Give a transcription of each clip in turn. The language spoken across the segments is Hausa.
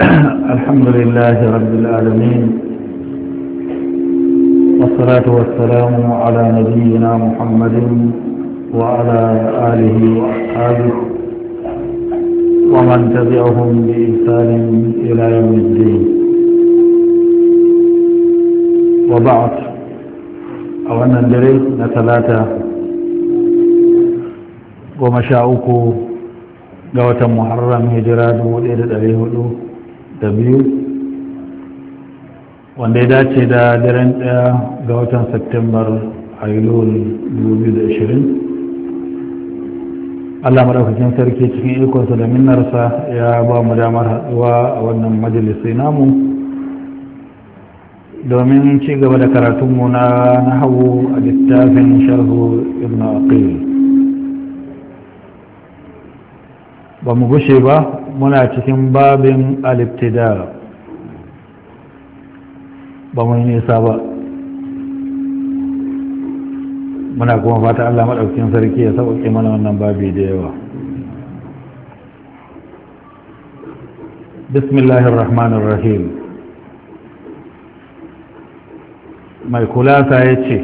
الحمد لله رب العالمين والصلاة والسلام على نبينا محمد وعلى آله وأصحابه ومن تبعهم بإحسان إلى يوم الدين وبعد أو أن ندري نتلاتة ومشاؤكم ga محرم muharram hijira 1400 da biyu wanda ya dace da daren daya ga watan septembar ailul 2020 allah maɗaukakin sarki cikin ikonsa da minnarsa ya ba mu damar haɗuwa a wannan majalisai namu domin ci gaba da karatunmu na nahawu a littafin sharhu ibn aqil ba mu gushe ba muna cikin babin aliftida ba mai nisa ba muna kuma fata allah maɗaukin sarki ya sauƙi mana wannan babi da yawa bismillahir rahmanir rahim mai kulasa ya ce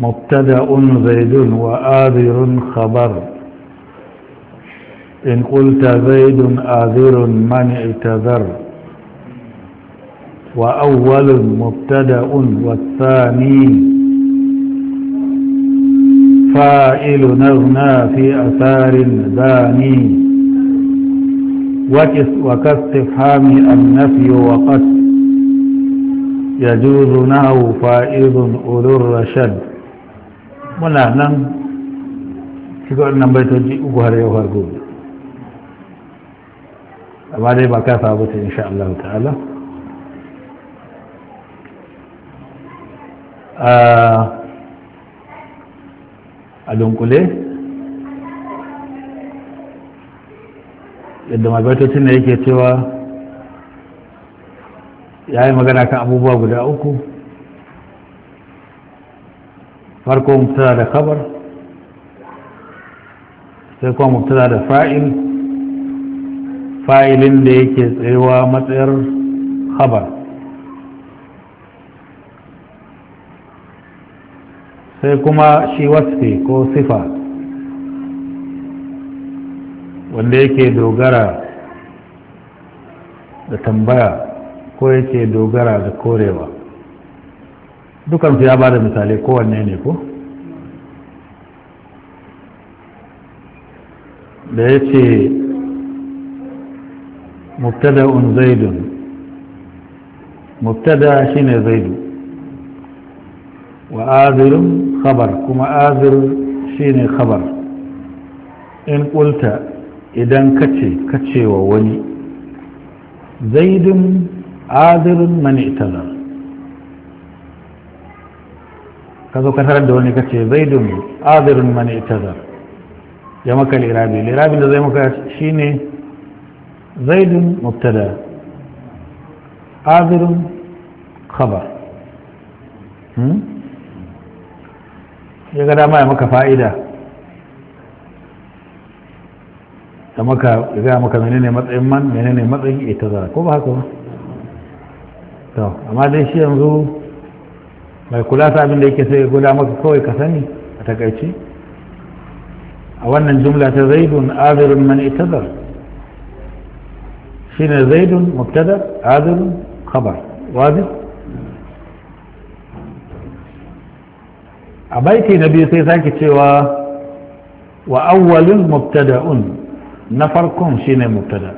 mubtada'un zaidun wa adirun khabar إن قلت زيد آذر من اعتذر وأول مبتدأ والثاني فائل نغنى في أثار داني وكاستفهام النفي وقد يجوز نهو فائض أولو الرشد منا نم شكرا نبيت وجي أقهر يوهر قولي amma dai ba ka ba ta insha Allah ta'ala a dunkule yadda mabatocin na yake cewa ya yi magana kan abubuwa guda uku farko tana da kabar sai kuma mutala da fa'il fa'ilin da yake tsayuwa matsayar khabar sai kuma shi wasfi ko sifa wanda yake dogara da tambaya ko yake dogara da korewa dukansu ya ba da misalai kowanne ne ko da ya ce mubtada'un zaidun mubtada shine wa azirun khabar kuma azir shine khabar in kulta idan kace kacewa wani zaidun azirun man itazar ka zo kasar da wani kace zaidun azirun man itazar ya maka lirabi lirabi da zai maka shine ne زيد مبتدا عابر خبر ya ga dama ya maka fa'ida ya gaya maka menene matsayin man menene matsayin ita ko ba haka ba to amma dai shi yanzu mai kula sabin abin da yake sai ya guda maka kawai ka sani a takaici? a wannan jumla ta zaidun azirun man itazar فينا زيد مبتدا عادل خبر واضح ابيت النبي سي ساكي تشوا واول مبتدا نفركم شين مبتدا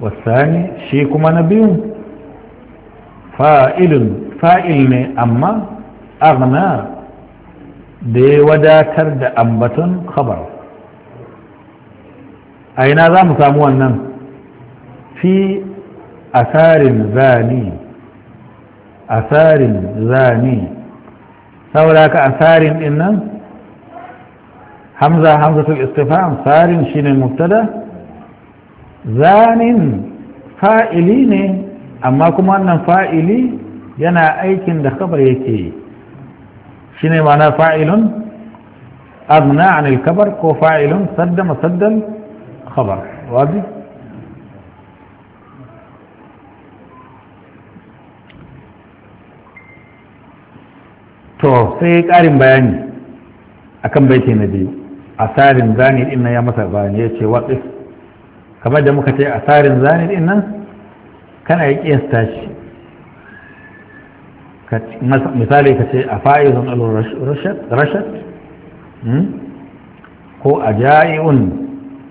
والثاني شيكم نبي فائل فائل اما اغنى دي وداكر امبتن خبر a ina za mu samu wannan fi asarin zani asarin zani saboda ka asarin din nan hamza hamzatul istifham sarin ne muftada. zanin fa'ili ne amma kuma wannan fa'ili yana aikin da kabar yake yi shine ma'ana fa'ilun azna anil kabar ko fa'ilun sadda masaddal خبر واضح to sai ƙarin bayani akan baiti na biyu asarin zani din nan ya masa bayani ya ce waƙif kamar da muka ce asarin zani din nan kana ya ƙiyasta shi misali ka ce a fa'izun al-rashad ko a ja'i'un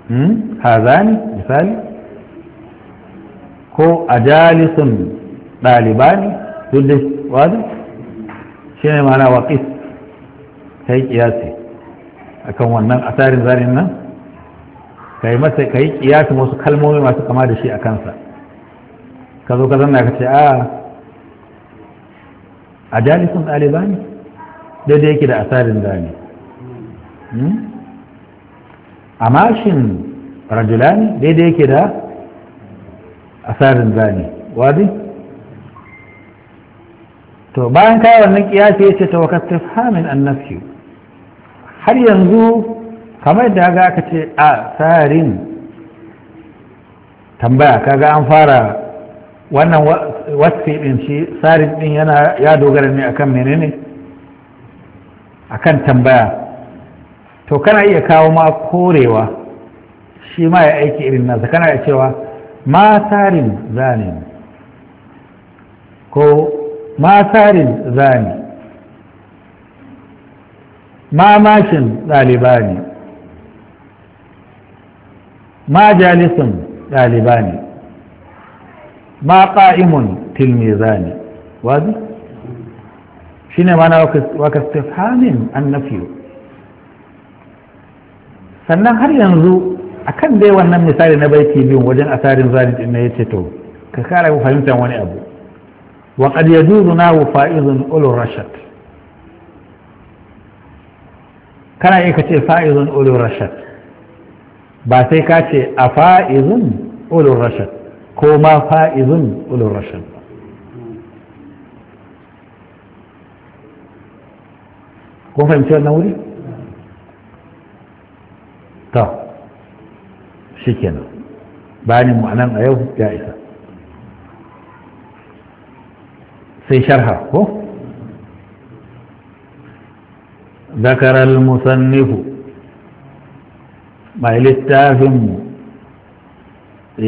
Hmm? hazani misali ko ajalisun ɗalibani duk da wadu shi ne mana waƙis ta yi ƙiyasi a kan wannan asarin zarin nan ka yi masa ka yi kalmomi masu kama da shi a kansa ka zo ka zanna ka ce a ajalisun ɗalibani daidai yake da asarin zarin hmm? A mashin rajulani daidai yake da asarin zani wadi to bayan kayi wannan kiyasi ya ce ta wakastif hamin annafi har yanzu kamar da ga aka ce a tsarin tambaya kaga an fara wannan wasfi din shi tsarin din yana ya dogara ne akan menene akan tambaya to kana iya kawo ma korewa shi ma ya aiki irin nasa kana iya cewa ma tsarin zane ko ma tsarin mashin ɗaliba ne, ma jalisun ne, ma ƙa'imun zane wazi shi ne mana waka stefhanin an nafiyo sannan har yanzu a kan dai wannan misali na baiti biyun wajen asarin zari din ya ce to ka kara ku fahimtar wani abu wa qad yajuzu nahu fa'izun ulul rashad kana iya ka ce fa'izun rashad ba sai ka ce a fa'izun ulul rashad ko ma fa'izun ulul rashad kun fahimci wannan wuri to shi kenan bayanin ma'anan a yau ya isa sai sharha ko zakarar musannifu mai littafinmu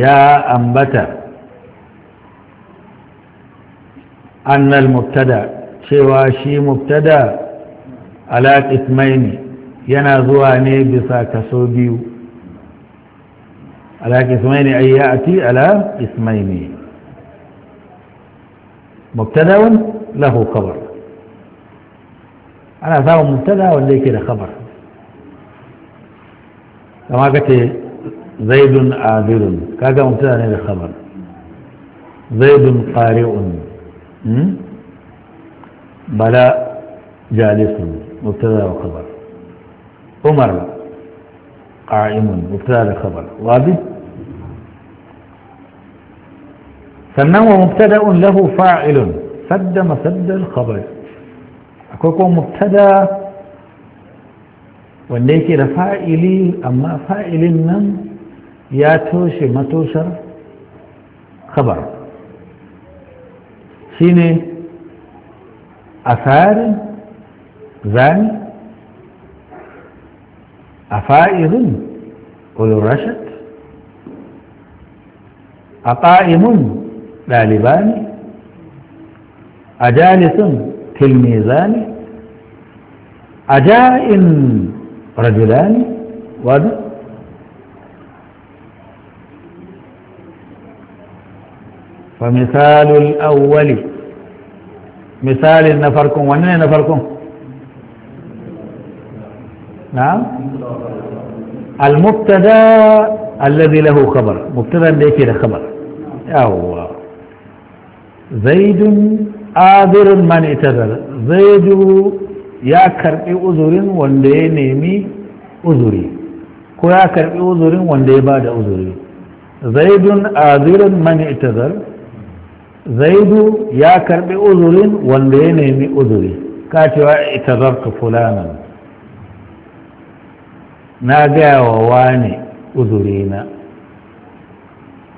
ya ambata annal mubtada cewa shi mubtada ala ismaini yana zuwa ne bisa kaso biyu alhaki ismaili ay ya'ti ala ismaili mubtada'un lahu khabar ana samun mubtada wanda yake da khabar kama kace zaidun adirun kaga mubtada ne da khabar zaidun qari'un bala jalisun mubtada wa khabar عمر قائم مبتدا خبر واضح sannan wa mubtada'un lahu fa'ilun sadda masadda al-khabar akwai kuma mubtada wanda yake da fa'ili amma fa'ilin nan ya toshe matoshar khabar shine asarin zani أفائض أولو الرشد أقائم لالبان أجالس في الميزان أجاء رجلان واضح فمثال الأول مثال نفركم ونين نفركم نعم المبتدا الذي له خبر مبتدا ليه كده خبر اهو زيد عابر من اعتذر زيد يا كربي عذر ولدي نيمي عذري كو يا كربي عذر ولدي بعد عذري زيد عابر من اعتذر زيد يا كربي عذر ولدي نيمي عذري كاتوا اعتذرت فلانا na gaya wa wane uzurina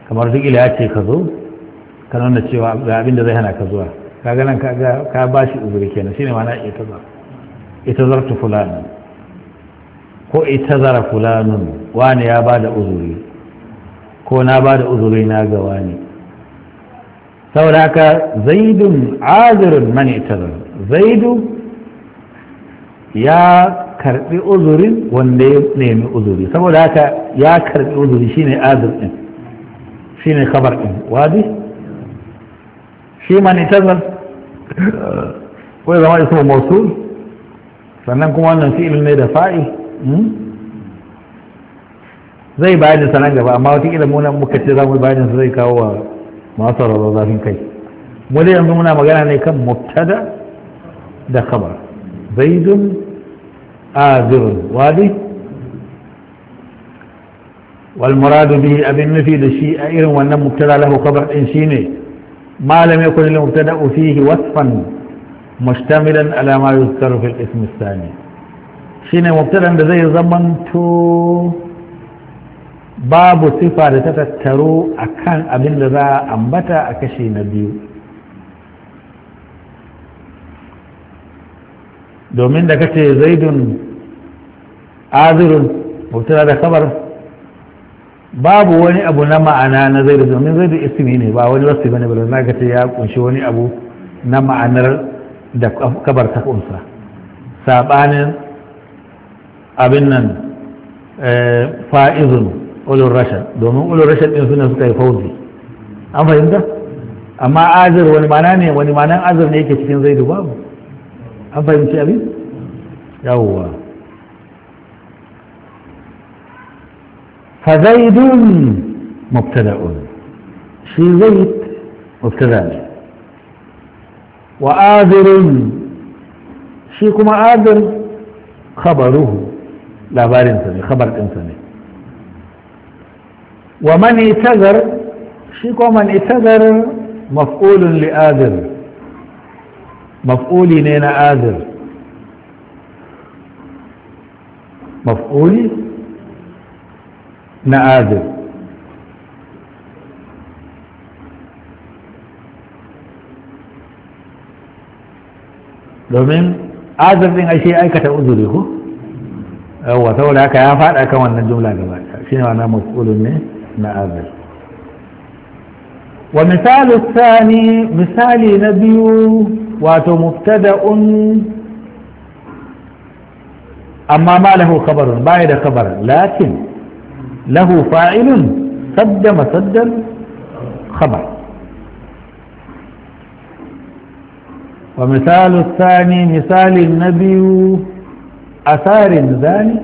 kamar duk ya ce ka zo ka nuna cewa ga abin da zai hana ka zuwa ka ganin ka ba shi uzuri kenan shine mana ita zar ita zar ta fulani ko ita zara fulanun wane ya ba da uzuri ko na ba da uzuri na ga wani saboda haka zaidun azirin mani ita zar zaidu ya karbi uzurin wanda ya nemi uzuri saboda haka ya karbi uzuri shine azir shine khabar din wadi shi man itazal ko zama ismu mawsul sannan kuma wannan fi'il ne da fa'i. Hmm? zai bayani sanan gaba amma wata kila mu nan muka ce za mu bayanin zai kawo wa masu sauraro zafin kai mu dai yanzu muna magana ne kan mubtada da khabar zaidun آذر وادي والمراد به أبن نفي لشيء إذن وأن مبتدى له خبر إنسيني ما لم يكن المبتدأ فيه وصفا مشتملا على ما يذكر في الاسم الثاني شيني مبتدأ زي زمن تو babu sifa da ta tattaro akan abin da za a ambata a kashe na biyu domin da kace zaidun azirun mutuna da kabar babu wani abu na ma'ana na zaidu domin zaidu ismi ne ba wani wasu bane bala na kace ya kunshi wani abu na ma'anar da kabar ta kunsa sabanin abin nan eh, fa'izun ulul rashad domin ulul rashad din suna suka yi fauzi an fahimta amma azir wani mana ne wani manan azir ne yake cikin zaidu babu an fahimci أبي yawwa فزيد مبتدا في زيد مبتدا وآذر فيكم آذر خبره لا بار انساني خبر انساني ومن اعتذر فيكم من اعتذر مفعول لآذر maf'uli ne na azir maf'uli na domin azir din ashe aikata uzuri ko yawwa saboda haka ya faɗa kan wannan jumla gaba shi ne wannan maf'ulun ne na azur, wa azir ومثال misali na biyu. واتو مبتدا اما ما له خبر بعد خبر لكن له فاعل سد مسد خبر ومثال الثاني مثال النبي اثار ذلك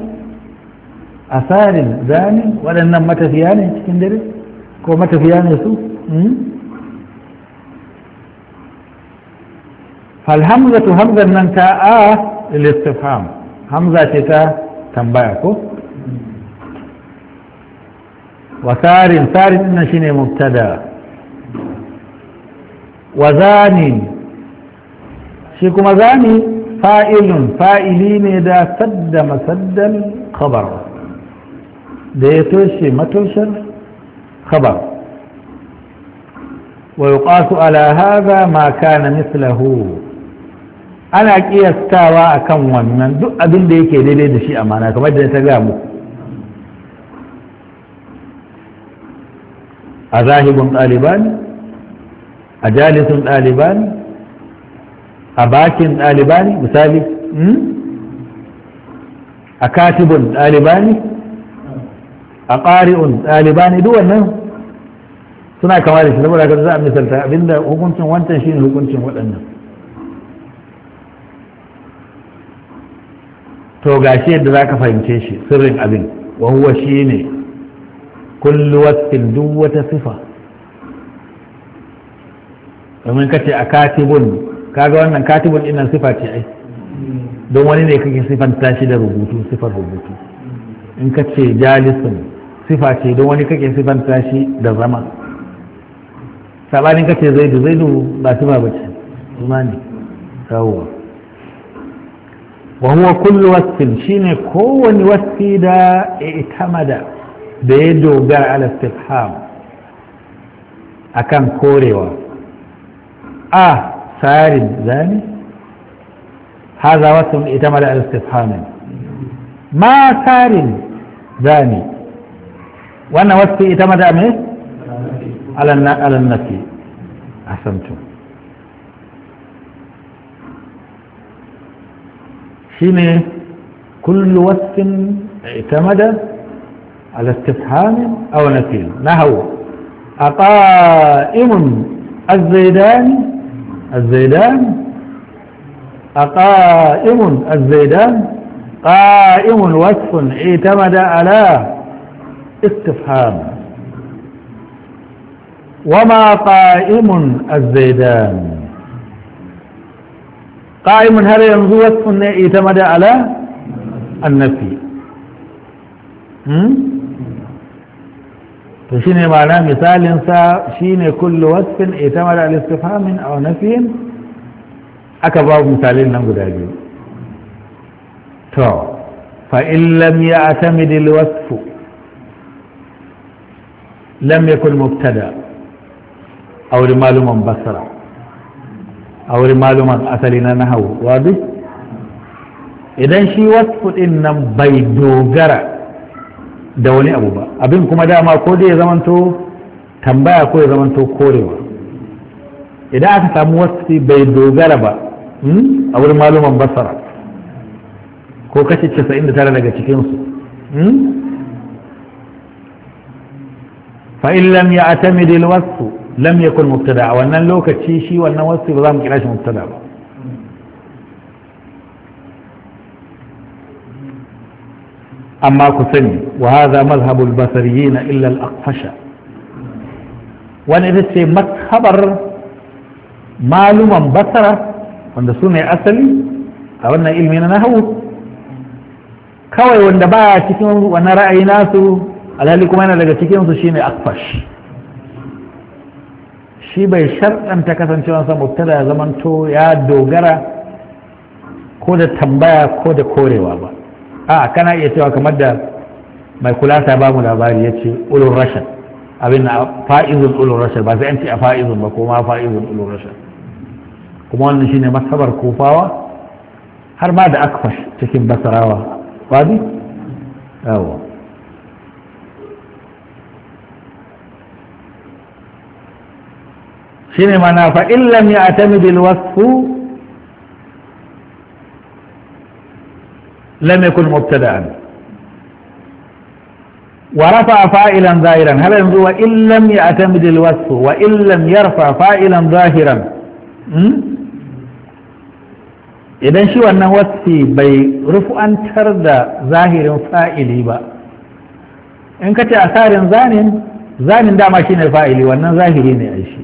اثار ذلك ولن متى فيان اسكندريه كو متى فيان يسوع فالهمزة همزة من تاء للاستفهام همزة تتا تنبعك وثار ثار شين مبتدا وزاني شيكو مزاني فائل فائلين إذا سد مسد الخبر ديتوشي متوشر خبر ويقاس على هذا ما كان مثله ana kiyastawa a kan wannan duk abin da yake daidai da shi amana kamar da ta gamu a zahibin ɗaliban a jalisun ɗaliban a bakin ɗaliban misali hmm? a katibun ɗaliban a ƙari'un ɗaliban duk wannan suna kama da shi saboda za a misalta abinda hukuncin wancan shi ne hukuncin waɗannan to ga shi yadda za ka fahimce shi sirrin abin wa huwa shi ne kullu wasfin duk wata sifa domin ka ce a katibun kaga wannan katibun ɗinnan sifa ce ai don wani ne kake sifanta shi da rubutu sifar rubutu in ka ce jalisun sifa ce don wani kake sifanta shi da zama sabanin ka ce zaidu zaidu ba sifa ba ce zuma ne kawowa Wahuwa kullum kullu wasfin shine kowane wasfi da itamada da ya dogara ala a kan korewa a sarin zani هذا وصف اتمل على استفهام ما سار ذاني وانا وصفي اتمل على النفي احسنتم حين كل وصف اعتمد على استفهام او نتيل ما هو اقائم الزيدان الزيدان اقائم الزيدان قائم وصف اعتمد على استفهام وما قائم الزيدان qa'imun har yanzu wasfun ne ita mada ala annafi to shine ma'ana misalinsa sa shine kullu wasfin ita mada al-istifhamin aw nafiyin aka ba misalin nan guda biyu to فإن لم يعتمد الوصف لم muktada a wurin لمعلوم بصرا a wurin maluman asali na nahawu wadu idan shi wasu ɗin nan bai dogara da wani abu ba abin kuma dama ko dai ya zamanto tambaya ko ya zamanto korewa idan aka samu wasu bai dogara ba hmm, a wurin maluman basara ko kashi 99 daga cikinsu hmm, fa'in lam ya atamidil wasu lam yakun mubtada a wannan lokaci shi wannan wasu ba za mu kira shi mubtada ba amma ku sani wa hadha mazhabu al-basariyyin illa al-aqfasha wani ita ce mazhabar maluman basara wanda su ne asali a wannan ilmi na nahawu kawai wanda ba cikin wannan ra'ayi nasu alhali kuma yana daga cikin su ne akfash shi bai sharɗanta kasancewansa mubtada ya zamanto ya dogara ko da tambaya ko da korewa ba a kana iya cewa kamar da mai kulasa ba mu labari ya ce ulun rashin abin na fa'izun ulun rashin ba sai an a fa'izun ba ko ma fa'izun ulun rashin kuma wannan shine masabar kofawa har ma da akfash cikin basarawa wadi yawa shine mana fa illam ya atamidil wasfu lam yakun mubtada'an wa rafa fa'ilan zahiran hal yanzu wa illam ya atamidil wasfu wa illam yarfa fa'ilan zahiran hmm? idan shi wannan wasfi bai rufu'antar da zahirin fa'ili ba in ka ce asarin zanin zanin dama shine fa'ili wannan zahiri ne a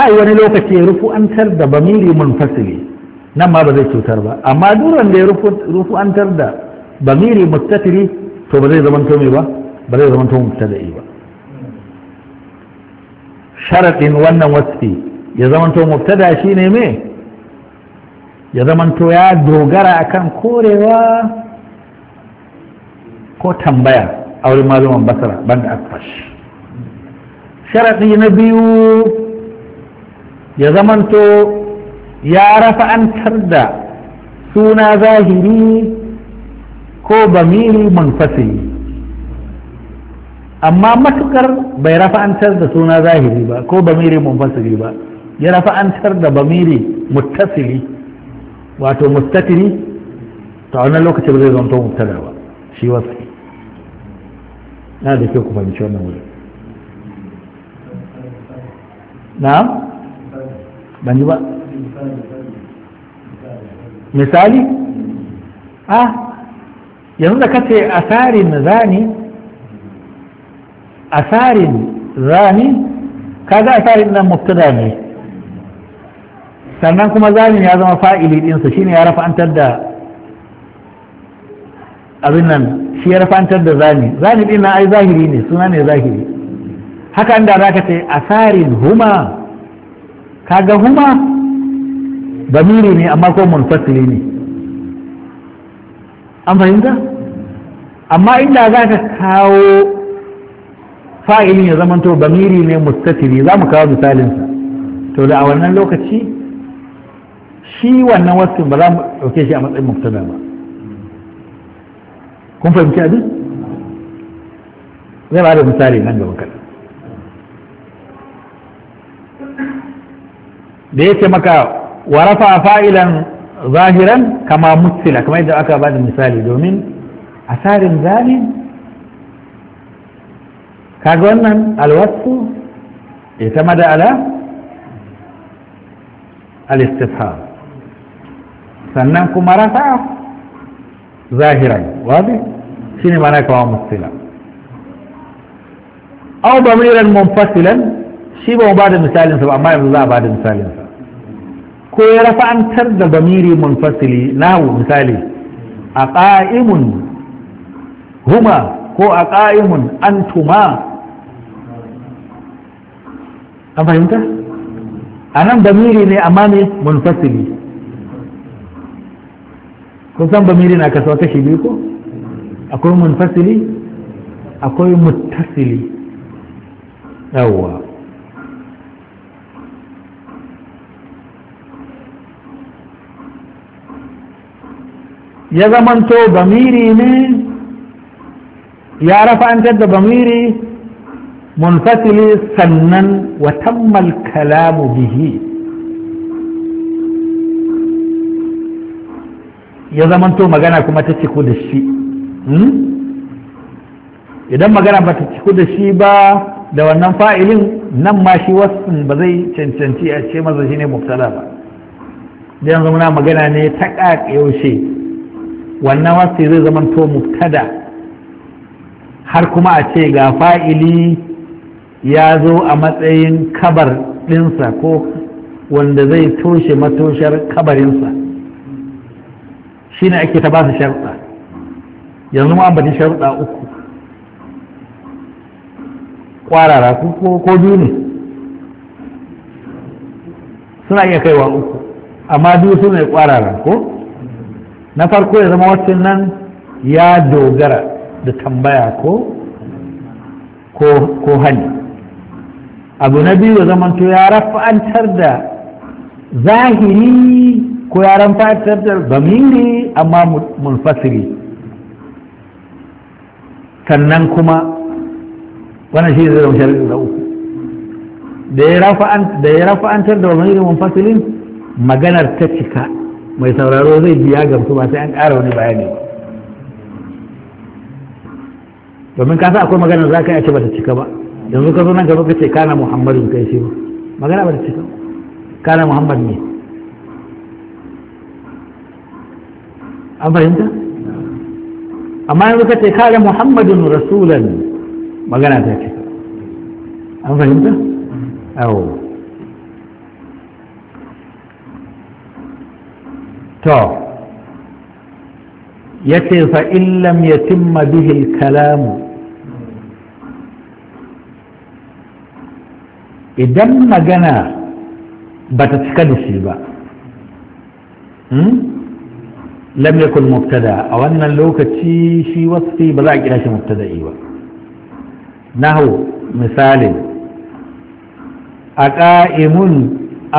kai wani lokaci ya rufu'antar da bamiri munfasili nan ma ba zai cutar ba amma duran da ya rufu'antar da bamiri mustatiri to ba zai zamanto mai ba ba zai zamanto mubtada'i ba sharaɗin wannan wasfi ya zamanto mubtada shine me ya zamanto ya dogara akan korewa ko tambaya a wurin maluman basara banda akfash sharaɗi na biyu ya zamanto ya rafa'antar da suna zahiri ko bamiri manfasili amma matukar bai rafa'antar da suna zahiri ba ko bamiri munfasili ba ya rafa'antar da bamiri muttasili wato mustatiri ta wannan lokacin zai zanto mubtada ba shi wasu na da ke ku fahimci wannan wuri na'am ban ba misali a ah, yanzu da kace asarin zani asarin zani kaga asarin nan mubtada ne sannan kuma zanin ya zama fa'ili dinsa shine ya rafa'antar da abin nan shi ya rafantar da zani zani din na ai zahiri ne suna ne zahiri haka inda za ka ce asarin huma kaga huma damiri ne amma ko munfasili ne an fahimta amma inda za ka kawo fa'ilin ya zamanto damiri ne mustatili za mu kawo misalinsa to da a wannan lokaci shi wannan wasu ba za mu ɗauke shi a matsayin mubtada ba kun fahimci abin zai ba da misali nan gaba kaɗan da yake maka wa rafa fa'ilan zahiran kama mutsila kamar yadda aka bada misali domin asarin zalim kaga wannan alwasu ita da ala al-istifham sannan kuma rafa zahiran wadi shine mana kama mutsila aw damiran munfasilan shi ba mu bada misalinsa ba amma yanzu za a bada misalin sa ko ya rafa'antar da bamiri munfasili nahu misali a ƙa'imun huma ko a ƙa'imun antuma an fahimta a nan bamiri ne amma ne munfasili kun san bamiri na kasuwa kashi biyu ko akwai munfasili akwai mutasili yawwa ya zamanto bamiri ne ya rafa'antar da bamiri munfasili sannan watammal kalamu bihi ya zamanto magana kuma ta ciku da shi hmm? idan magana ba ta ciku da shi ba da wannan fa'ilin nan ma shi wasu ba zai cancanci a ce maza shi ne mubtala ba da yanzu magana ne ta yaushe wannan wasi zai zama to mubtada har kuma a ce ga fa'ili ya zo a matsayin kabar ɗinsa ko wanda zai toshe matoshar kabarinsa shi ne ake ta ba su sharuɗa yanzu ma ambaci sharuɗa uku ƙwarara ko biyu ne suna iya kaiwa uku amma biyu su ne ƙwarara ko na farko ya zama wacce nan ya dogara da tambaya ko ko hani abu na biyu ya zamanto ya rafa'antar da zahiri ko ya rafa'antar da zamiri amma munfasiri sannan kuma wannan shi zai zama shari'a da uku da ya rafa'antar da zamiri munfasirin maganar ta cika mai sauraro zai biya gamsu ba sai an ƙara wani bayani ba domin ka akwai magana za ka yi ce ba ta cika ba yanzu ka zo nan gaba ka ce kana muhammadu kai shi ba magana ba ta cika ba kana muhammad ne an fahimta amma yanzu ka ce kana Muhammadu rasulan magana ta cika an fahimta awo to ya ce fa illam ya timma bihil kalamu idan magana ba ta cika da shi ba hmm? lam yakun mubtada a wannan lokaci shi wasu ba za a kira shi mubtada'i ba nahu misalin a ƙa'imun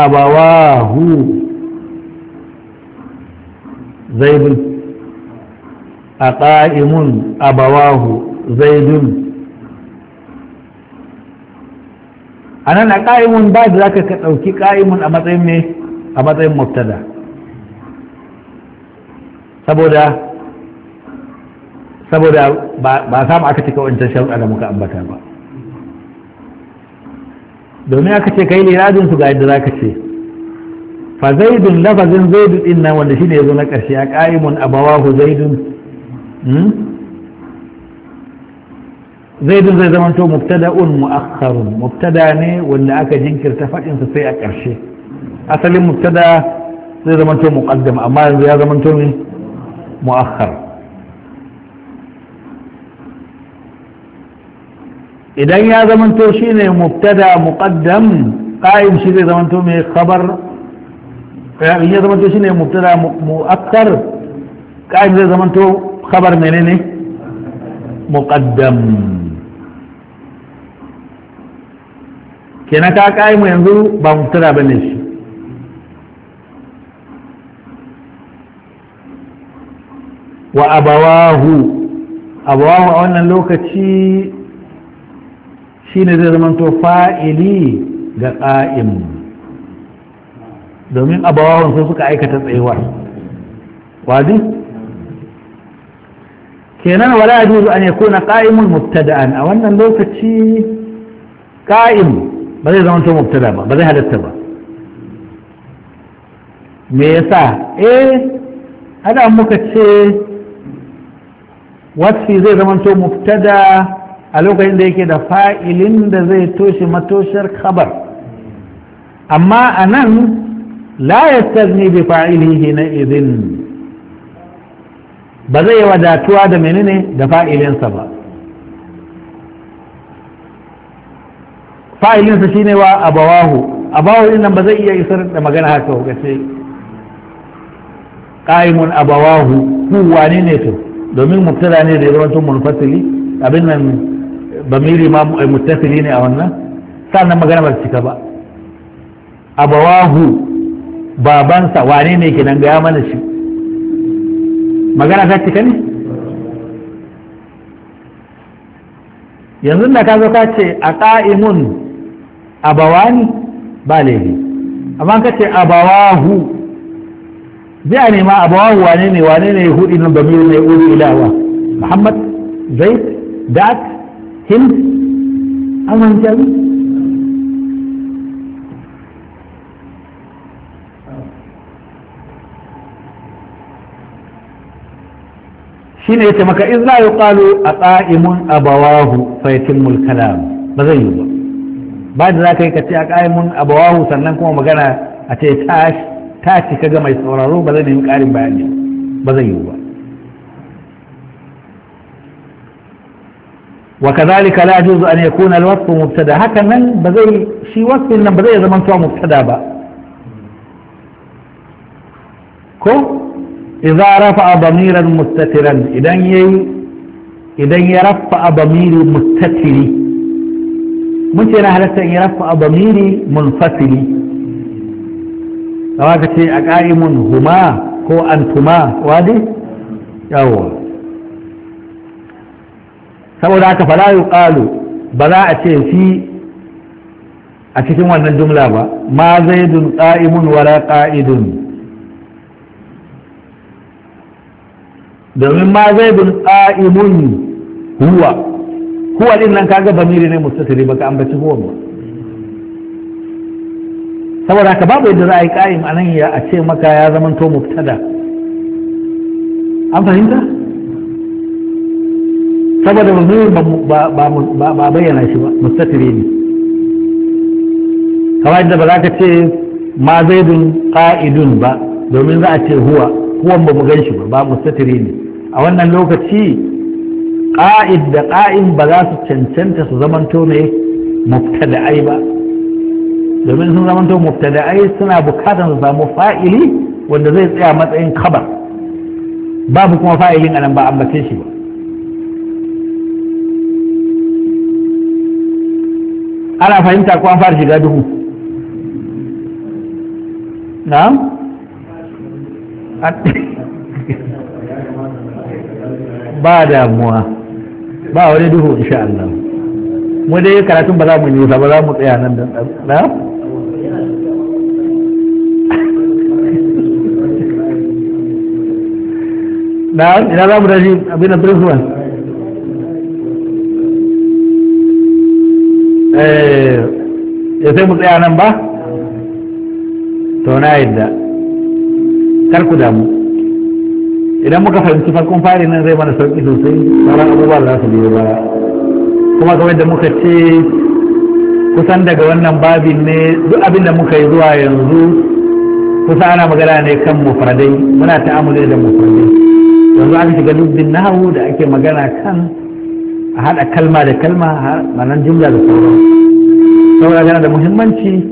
abawahu zaidun a ƙa'imun abawahu zaidun a nan a ƙa'imun ba da za ka ɗauki ƙa'imun a matsayin ne a matsayin muftada saboda saboda ba samu aka cika wancan sharuɗa da muka ambata ba domin aka ce kai liradin su ga yadda za ka ce fa zaidun lafazin zaidu din nan wanda shine yazo na ƙarshe, ya qa'imun abawahu zaidun hmm? zaidun zai zama to mubtada'un mu'akhkharun mubtada ne wanda aka jinkirta fadin sa sai a ƙarshe. asalin mubtada zai zama to muqaddam amma yanzu ya zama to ne idan ya zama to shine mubtada muqaddam qa'im shi zai zama to mai khabar kayan iya zama to ne mubtada mu'akkar kayan zai zama to khabar ne muqaddam kenan ka kai mu yanzu ba mubtada bane shi wa abawahu abawahu a wannan lokaci shine zai zama to fa'ili ga qa'im domin abawawan sai suka aikata tsayuwar wadi kenan wala yajuzu an yakuna qa'imun mubtada'an a wannan lokaci qa'im ba zai zama to mubtada ba ba zai halatta ba me yasa eh ana muka ce wasfi zai zama to mubtada a lokacin da yake da fa'ilin da zai toshe matoshar khabar amma anan la yastazni bi fa'ilihi na izin ba zai yi wadatuwa da menene da fa'ilinsa ba fa'ilinsa shine wa abawahu abawahu ɗin nan ba zai iya isar da magana haka ga ce qa'imun abawahu ku wane ne to domin mubtada ne da ya zama tun munfasili abin nan ba bamiri ma eh, muttasili ne a wannan sannan magana ba cika ba abawahu babansa wane ne kenan ga ya mana shi magana ta cika ne yanzu da ka zo ka ce a ƙa'imun abawani ba laifi amma ka ce abawahu zai a nema abawahu wane ne wane ne hudu nan ba mai uri ilawa muhammad zaid dat hind amince shine yace maka iz la yuqalu aqaimun abawahu fa yatimul kalam ba zai yi ba ba da zaka yi ka ce aqaimun abawahu sannan kuma magana a ce ta ta cika ga mai sauraro ba zai nemi karin bayani ba zai yi ba وكذلك لا يجوز أن يكون الوصف مبتدا هكذا بزي شي وصف إن بزي زمان تو مبتدا بقى كو idza rafa'a damiran mustatiran idan yayi idan ya rafa'a damiri mustatiri mun ce na halatta ya rafa'a damiri munfasili kawai ka ce a qa'imun huma ko antuma wadi yawwa saboda haka fala yuqalu ba za a ce fi a cikin wannan jumla ba ma zaidun wala domin ma zaidun ƙa’imun huwa huwa din nan kaga bamiri ne mustatiri baka ambaci huwa ba saboda ka babu yadda za a yi a nan ya a ce maka ya zamanto da, an fahimta saboda ba ba bayyana shi ba mustatiri ne kamar yadda ba za ka ce ma zaidun ƙa'idun ba domin za a ce huwa Kuwan ba mu gan shi ba ba mustatiri ne a wannan lokaci ƙa'id da ƙa'in ba za su cancanta su zamanto ne mubtada'ai ba domin sun zamanto mubtada'ai suna bukatar su samu fa'ili wanda zai tsaya matsayin kabar babu kuma fa'ilin anan ba ambace shi ba ana fahimta ko an fara shiga duhu na'am ba damuwa ba wani duhu insha Allah mu dai karatun ba za mu nisa ba za mu tsaya nan da na na ina za mu tashi abin da principal eh ya sai mu tsaya nan ba to na yadda kar ku damu idan muka fahimci farkon fari nan zai mana sauki sosai sauran abubuwa za su biyo baya kuma kamar da muka ce kusan daga wannan babin ne duk abin da muka yi zuwa yanzu kusa ana magana ne kan mufradai muna ta'amuli da mufradai yanzu aka shiga lubbin nahu da ake magana kan a haɗa kalma da kalma nan jumla da sauran saboda yana da muhimmanci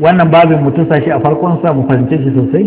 wannan babin mutum sashi a farkonsa mu fahimce shi sosai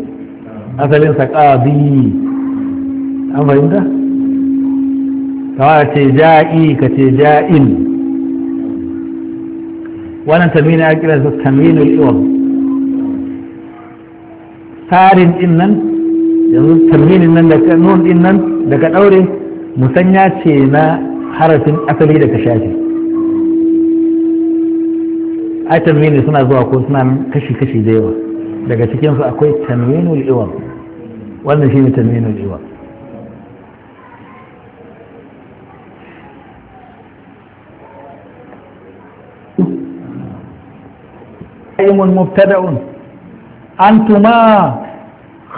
asalin sa qadi an fahimta kawai ce ja'i ka ce ja'in wannan tamina ya kira sa taminul iwam sarin din nan yanzu taminin nan da nun din nan daga daure musanya ce na harafin asali da ka shafi ai tamini suna zuwa ko suna kashi kashi da yawa daga cikinsu akwai tanwinul iwam wannan shi ne tanwinul iwam قائم مبتدع أنتما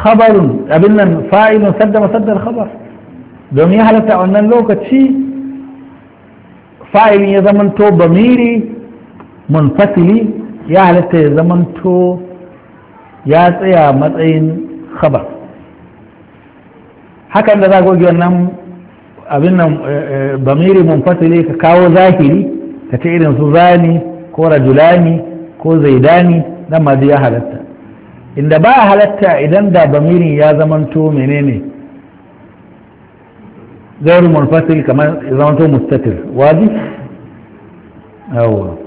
خبر أبنا فاعل سد مسد الخبر دوم يحلت أن اللوكة شيء فاعل يزمن تو ضميري منفصلي يحلت يزمن تو ya tsaya matsayin khabar hakan da za ka goge wannan abin nan bamiri eh, eh, munfasili ka kawo zahiri ka ce irin su zani ko rajulani ko zaidani nan ma ya halatta inda ba halatta idan da bamirin ya zamanto menene gairu munfasil kamar zamanto mustatir wajib yawon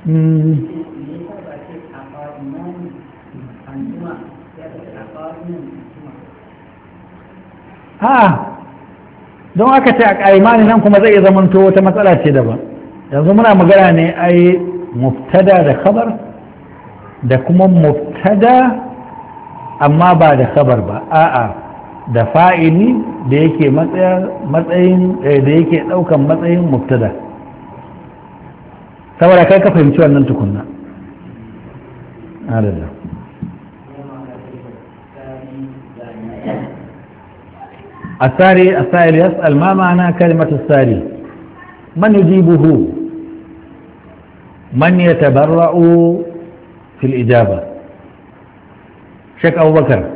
Aa hmm. don aka ce a imani nan kuma zai zamanto wata matsala ce daban yanzu muna magana ne ai muftada da khabar da kuma muftada amma ba da khabar ba a'a da fa'ili da yake matsayin eh, da yake daukan matsayin muftada saboda kai ka fahimci wannan tukunna adalla الساري السائل يسأل ما معنى كلمة الساري من يجيبه من يتبرأ في الإجابة شك أبو بكر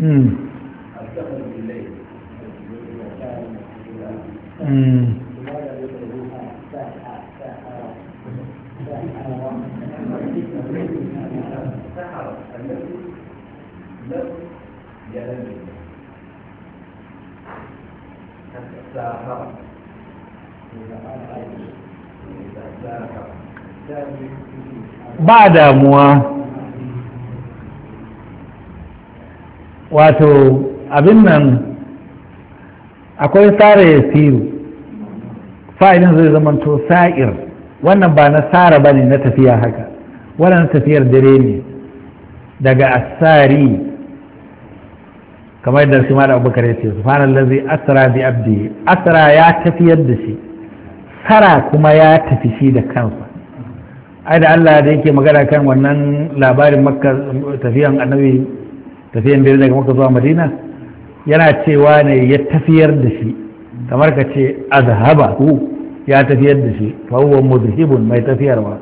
مم. ba damuwa wato abin nan akwai tsara ya siru fa'ilin zai zamanto sa'ir wannan ba na ba ne, na tafiya haka wannan tafiyar dare ne daga asari kamar yadda shi mala abubakar ya ce lazi asara bi abdi asara ya tafiyar da shi sara kuma ya tafi shi da kansa ai da Allah da yake magana kan wannan labarin makka tafiyan annabi tafiyan dare daga makka zuwa madina yana cewa ne ya tafiyar da shi kamar ka ce hu ya tafiyar da shi fa huwa mudhibun mai tafiyarwa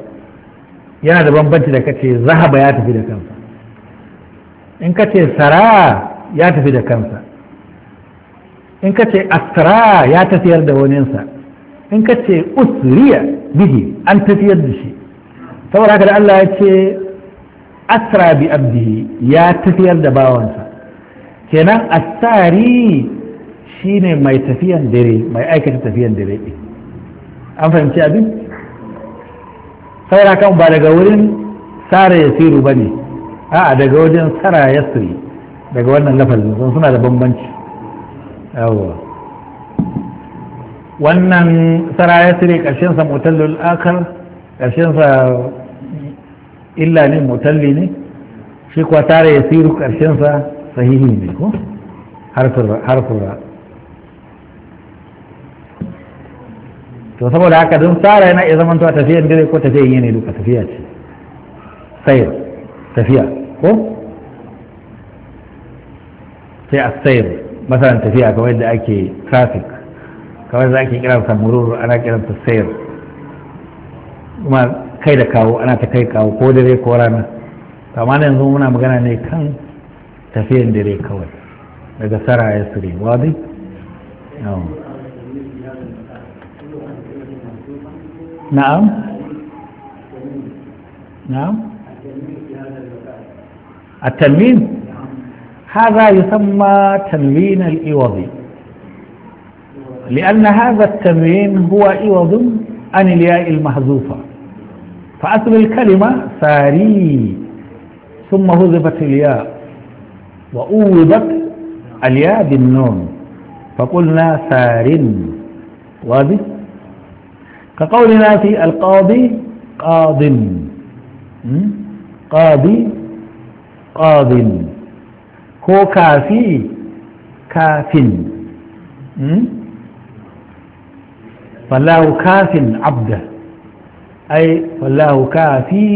yana da bambanci da kace zahaba ya tafi da kansa in kace sara ya tafi da kansa in kace astara ya tafiyar da waninsa in kace usriya bihi an tafiyar da shi saboda haka da Allah ya ce asra bi abdihi ya tafiyar da bawansa kenan asari shine mai tafiyan dare mai aikata tafiyan dare an fahimci abin saura kan ba daga wurin tsara ya siru ba ne a daga wajen tsara ya siri daga wannan lafazin sun suna da bambanci yawon wannan tsara ya siri ƙarshensa mutallul akar ƙarshensa illa ne mutalli ne shi kuwa tare ya siru ƙarshensa sahihi ne ko harfin ra to saboda haka don tsara yana iya zamantowa tafiyan dare ko tafiyan yini duka tafiya ce sayar tafiya ko sai a sayar masalan tafiya kamar da ake traffic kamar da ake kiransa mururu ana kiransa sayar kuma kai da kawo ana ta kai kawo ko dare ko rana amma yanzu muna magana ne kan tafiyan dare kawai daga sara ya ne wadi نعم نعم التنوين هذا يسمى تنوين الإوضي لأن هذا التنوين هو إوض عن الياء المحذوفة فأصل الكلمة ساري ثم هذبت الياء وأوضت الياء بالنون فقلنا سار واضح كقولنا في القاضي قاض قاضي قاض كو كافي كاف فالله كاف عبده أي فالله كافي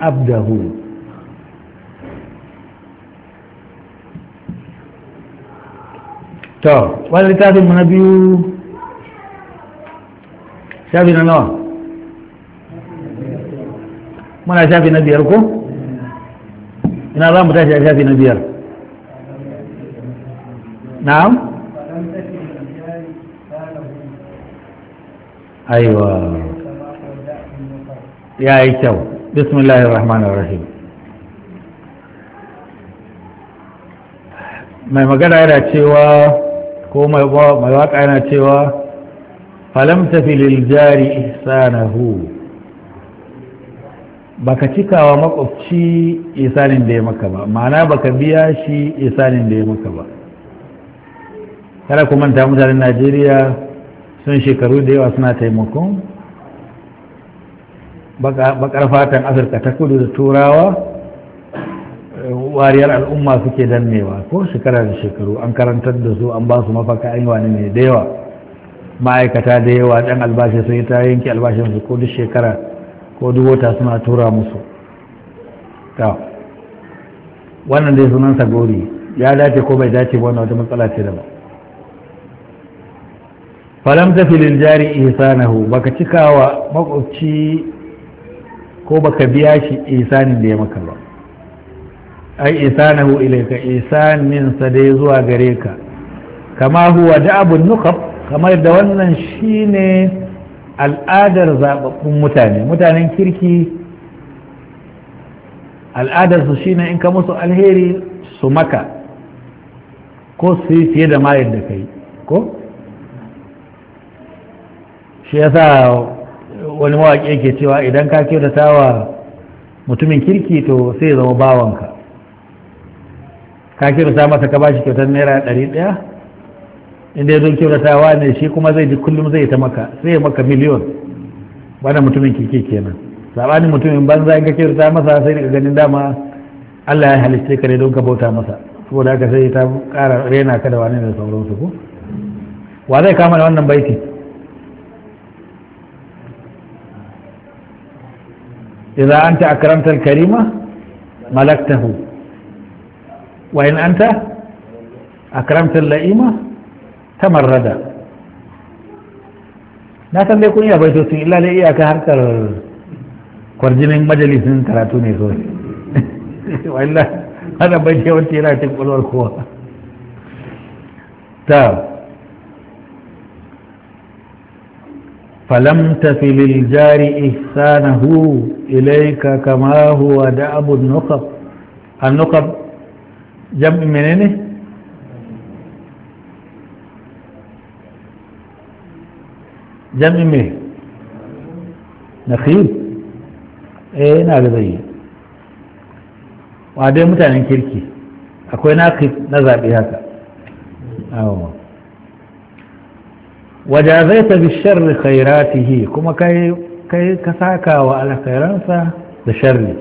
عبده to wani من mu شافي نوا من شافي نبي أركو إن الله متى شافي نبي أركو نعم أيوة يا إيشو بسم الله الرحمن الرحيم ما مقدر أنا أتشيوه كو ما يبقى ما يبقى أنا أتشيوه falam tafi jari ihsanahu baka cikawa makwabci isanin da ya maka ba ma'ana baka biya shi isanin da ya maka ba kada ku manta mutanen najeriya sun shekaru da yawa suna taimakon bakar fatan afirka ta kudu da turawa eh, wariyar al'umma suke dannewa ko shekara da shekaru an karantar da su an ba su mafaka an yi wani ne da yawa ma'aikata da yawa ɗan albashi sun yi ta yanki albashinsu ko duk shekara ko duk wata suna tura musu ta wannan dai sunan gori ya dace ko bai dace wannan wata matsala ce da ba falam ta filin jari ihsanahu baka cikawa makwabci ko baka biya shi ihsanin da ya maka ba ai ihsanahu ilayka ihsanin sa dai zuwa gare ka kama huwa da abun nukab kamar da wannan shine al'adar zaɓaɓɓun mutane mutanen kirki al'adarsu shine in ka musu alheri su maka ko su yi fiye da ma yadda ka ko shi ya sa wani mawaƙi yake cewa idan ka kyautata wa mutumin kirki to sai zama bawanka ka kyautata masa ka ba shi kyautar naira ɗari ɗaya inda ya zo kyautatawa ne shi kuma zai ji kullum zai ta maka sai maka miliyon wannan mutumin kike kenan sabanin mutumin banza in ka kyautata masa sai ka ganin dama Allah ya halitta ka ne don ka bauta masa saboda haka sai ta ƙara rena ka da wani da su ko wa zai kama da wannan baiti idza anta akramta al-karima malaktahu wa in anta akramta al-la'ima tamarrada na san dai kun iya baitocin illa dai iyaka harkar kwarjinin majalisin karatu ne so wallah hada baiti wata yana cikin kwalwar kowa ta فلم تفل الجار إحسانه إليك كما هو دأب النقب النقب جمع منينه jami'in me na khir eh yana da zai wa dai mutanen kirki akwai na na zaɓe haka awo wajazai ta bishar kuma kai ka saka wa alkhairansa da sharri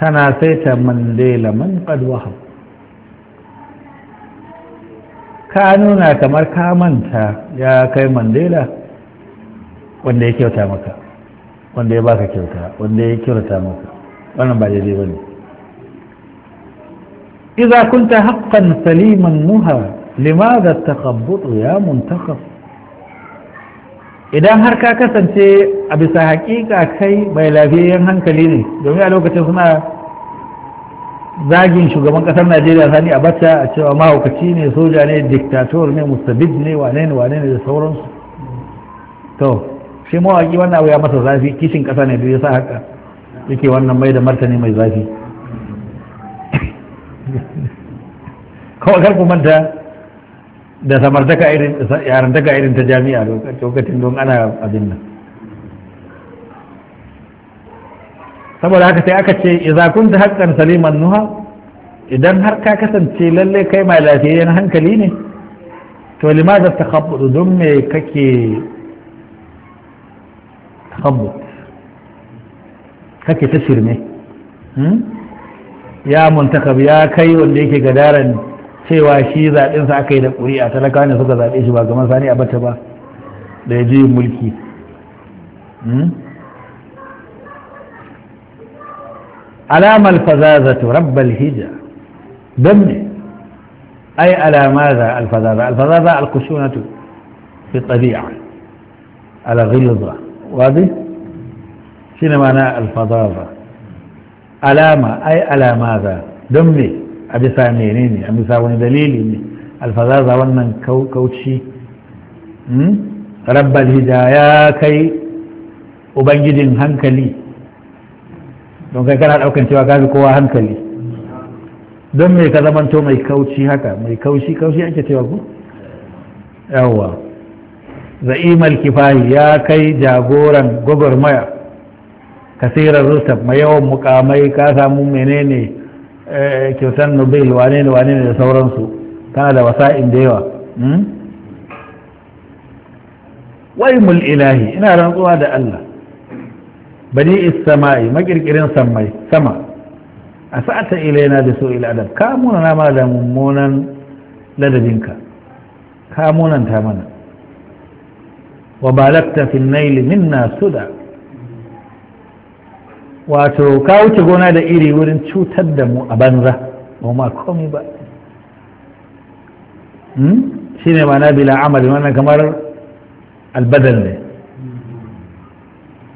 tana saita man laila man ka nuna kamar ka manta ya kai mandela wanda ya kyauta maka wanda ya baka kyauta wanda ya kyauta maka wannan ba daidai ba ne iza kunta haƙƙan saliman muha limaza takabbutu ya muntakab idan har ka kasance a bisa haƙiƙa kai mai lafiyayyen hankali ne domin a lokacin suna zagin shugaban kasar najeriya sani abacha a cewa mahaukaci ne soja ne diktator ne mustabid ne wane ne wane ne da sauransu to shi mawaki wannan abu ya masa zafi kishin kasa ne da ya sa haka yake wannan mai da martani mai zafi kawai kar ku manta da samartaka irin yarantaka irin ta jami'a lokacin don ana abin nan saboda haka sai aka ce idza kunta haqqan saliman nuha idan har ka kasance lalle kai mai lafiyayyen hankali ne to limaza takhabbud don me kake takhabbud kake ta shirme hmm? ya muntakab ya kai wanda yake gadaran cewa shi zaɓensa aka yi da ƙuri'a talakawa ne suka zaɓe shi ba ga sani a bata ba da ya mulki hmm? علام الفذاذة رب الهجا دمه أي على ماذا الفذاذة الفذاذة الكسونة في الطبيعة على غلظة واضح شنو معنى الفظاظة علامة أي على ماذا دمي أبي سامينيني أبي ساوني دليلي الفظاظة ونن كو كوتشي رب الهجا يا كي وبنجد هنكلي don kai kana daukan cewa gabi kowa hankali don me ka zamanto mai kauci haka mai kaushi kaushi ake cewa ku yawwa za'imal kifayi ya kai jagoran gwagwarmaya kasirar rusaf mai yawan mukamai ka samu menene eh, kyautar nobel wane ne wane ne da sauransu kana da wasa'in da yawa hmm? wai mul ilahi ina rantsuwa da allah bani isama'i makirkirin sammai sama a sa'ata ilaina da so adab ka muna na mana da mummunan ladabinka ka munanta mana wa balakta fil nail minna suda wato ka wuce gona da iri wurin cutar da mu a banza ba ma ba. ba hmm? shine ma'ana bila amali wannan kamar albadal ne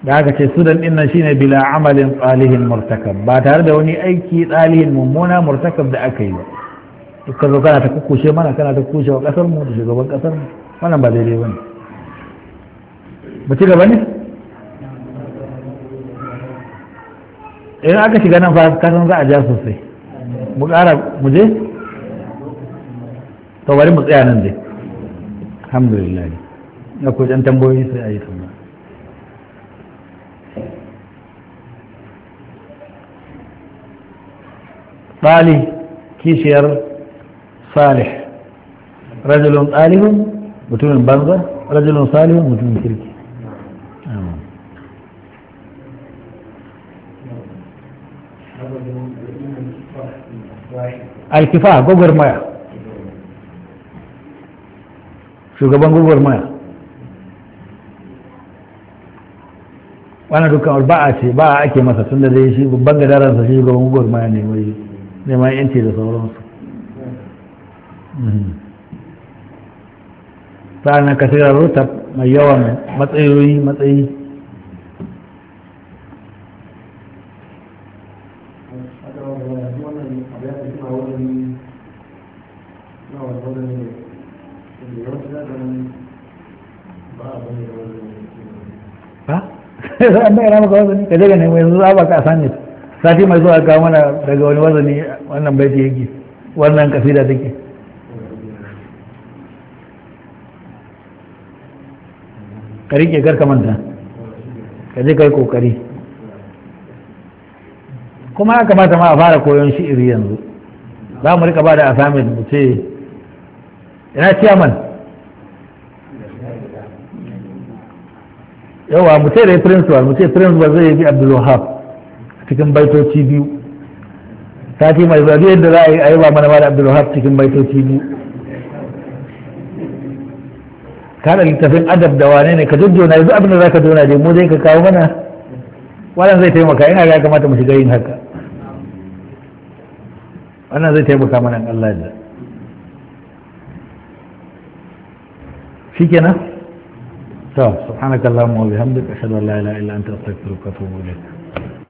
da aka ce sudan din nan shine bila amalin tsalihin murtakab ba tare da wani aiki tsalihin mummuna murtakab da aka yi ba duk ka zo kana ta kukushe mana kana ta kushe wa kasar mu da shugaban kasar mu wannan ba daidai bane mu ci gaba ne in aka shiga nan fa kasan za a ja sosai mu ƙara mu je to bari mu tsaya nan dai alhamdulillah akwai ɗan tambayoyi sai a yi tambayoyi ɗali kishiyar salih rajulun ɗalihun mutumin banza rajulun salihun mutumin kirki alkifa gwagwarmaya shugaban dukkan ba a ce ba a ake masa tun da zai shi babban gadaransa shi shugaban gwagwarmaya ne wai neman yanci da sauransu mhm. sa'annan kasirar rutab mai yawan matsayoyi matsayi ba? ba sati mai zuwa kawo mana daga wani wazani wannan baiti yake wannan kasida take ka rike garka manta ka je kai kokari kuma ya kamata ma a fara koyon shi'iri yanzu za mu rika ba da assignment mu ce ina chairman yawa mu ce dai principal mu ce principal zai yi abdul wahab cikin baitoci biyu ta ce mai zuwa yadda za a yi ba mana ba da abdulwahab cikin baitoci biyu ka kada littafin adab da wane ne ka jujjona yanzu abin da za ka jona dai mu zai ka kawo mana wannan zai taimaka ina ya kamata mu shiga yin haka wannan zai taimaka mana Allah ya shikenan سبحانك اللهم وبحمدك اشهد ان لا اله الا انت استغفرك واتوب اليك